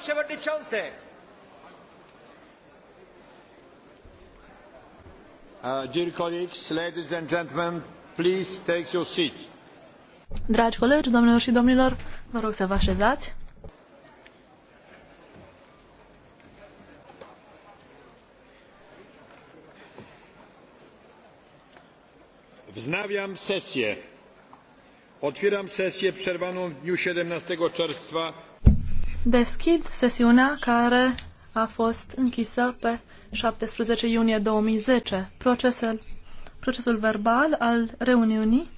Przewodniczący! Uh, dear colleagues, ladies and gentlemen, please take your seat. Dragi colegi, domnilor și domnilor, vă rog să vă așezați. Wznawiam sesję. Otwieram sesję przerwaną w dniu 17 czerwca Deschid sesiunea care a fost închisă pe 17 iunie 2010. Procesul, procesul verbal al reuniunii